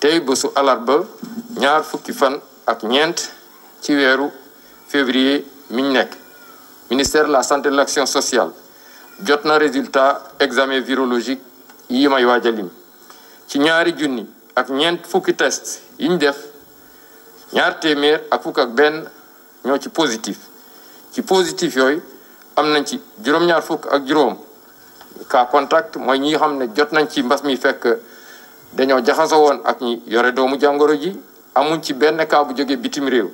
tey bésu alarba ñaar fukki fan ak ñeent ci weeru février miñ nekk ministère de la santé de l'action sociale jot na résultat examen virologique yi may waajalim ci ñaari junni ak ñeent fukki test yi ñu def ñaar téeméer ak fukk ak benn ñoo ci positif ci positif yooyu am nañ ci juróom-ñaar fukk ak juróom ka contact mooy ñi xam ne jot nañ ci mbas mi fekk dañoo jaxasoo woon ak ñi yore doomu jàngoro ji amuñ ci benn cas bu jógee bitim réew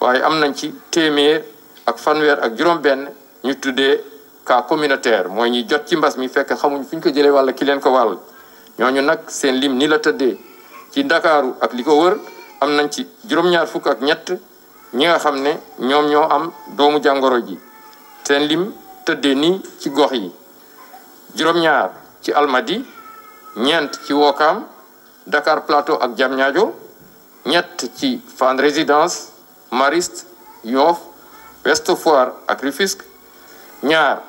waaye am nañ ci téeméer ak fanweer ak juróom-benn ñu tuddee cas communautaire mooy ñi jot ci mbas mi fekk xamuñ fi ñu ko jëlee walla ki leen ko wàll ñooñu nag seen lim ni la tëddee ci ndakaaru ak li ko wër am nañ ci juróom-ñaar fukk ak ñett ñi nga xam ne ñoom ñoo am doomu jàngoro ji seen lim tëddee nii ci gox yi juróom-ñaar ci almadi ñeent ci wookaam Dakar Plateau ak Diamniadio ñett ci Fann Résidence Mariste Yoff Ouest ak Rufisque ñaar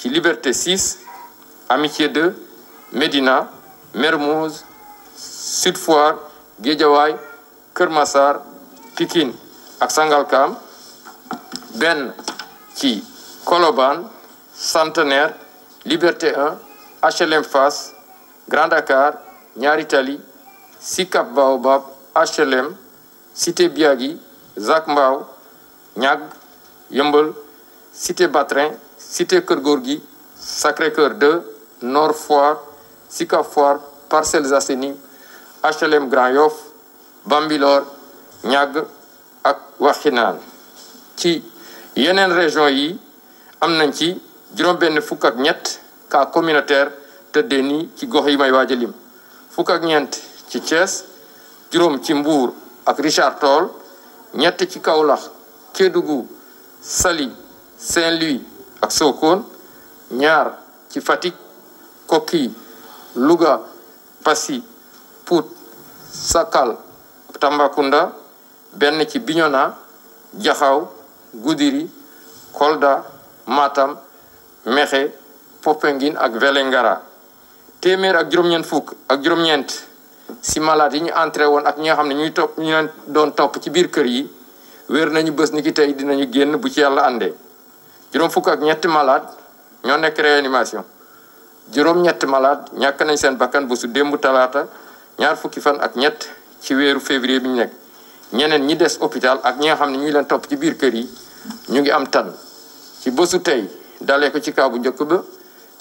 ci Liberté 6 Amitié 2 Médina Mermoz Sud Foire Guédiawaye Kër ak Sangalkam benn ci Colobane Centenaire Liberté 1 HLM Fass Grand Dakar ñaari tali Sicap Baobab HLM gi Biagui Zac Mbao Niag Yeumbeul Cité Batrin Cité Keur Gorgui Sacré-Cœur 2 Nord Foire Sicap Foire Parcelles Assainies HLM Grand Yoff Bambilor Niag ak Wakhinane ci yeneen région yi am nañ ci juróom-benn fukk ak ñett cas communautaire tëddee nii ci gox yi may waaj a fukk ak ñeent ci Thiès juróom ci mbuur ak Richard Toll ñett ci Kaolack Kédougou Saly Saint-Louis ak Sokone ñaar ci Fatick Koki Louga Passy Pout Sakal ak benn ci Bignona jaxaw Goudiri Kolda Matam Mékhé Popenguine ak Vélingara téeméer ak juróom-ñeent si malade yi ñu entrée woon ak ñi xam ne ñu topp ñu leen doon topp ci biir kër yi wéer nañu bës ni ki tey dinañu génn bu ci yàlla àndee juróom fukk ak ñett malade ñoo nekk réanimation juróom ñetti malade ñàkk nañ seen bakkan bu su démb talaata ñaar fukki fan ak ñett ci weeru février bi ñu nekk ñeneen ñi des hôpital ak ñi xam ne ñuy leen topp ci biir kër yi ñu ngi am tan ci bësu tey dalee ko ci kaw bu njëkk ba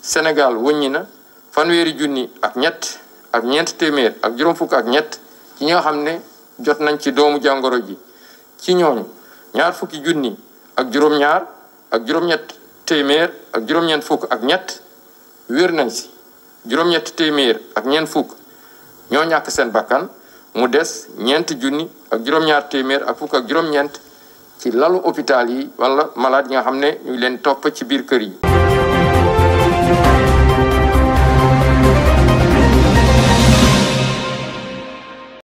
Sénégal wëññi na fanweeri junni ak ñett ak ñeent téeméer ak juróom fukk ak ñett ci ñi nga xam ne jot nañ ci doomu jàngoro ji ci ñooñu ñaar fukki junni ak juróom-ñaar ak juróom-ñett téeméer ak juróom-ñeent fukk ak ñett wér nañ si juróom téeméer ak ñeent ñoo ñàkk seen bakkan mu des ñeent junni ak juróom-ñaar téeméer ak fukk ak juróom-ñeent ci lalu hôpital yi wala malade yi nga xam ne ñu leen topp ci biir kër yi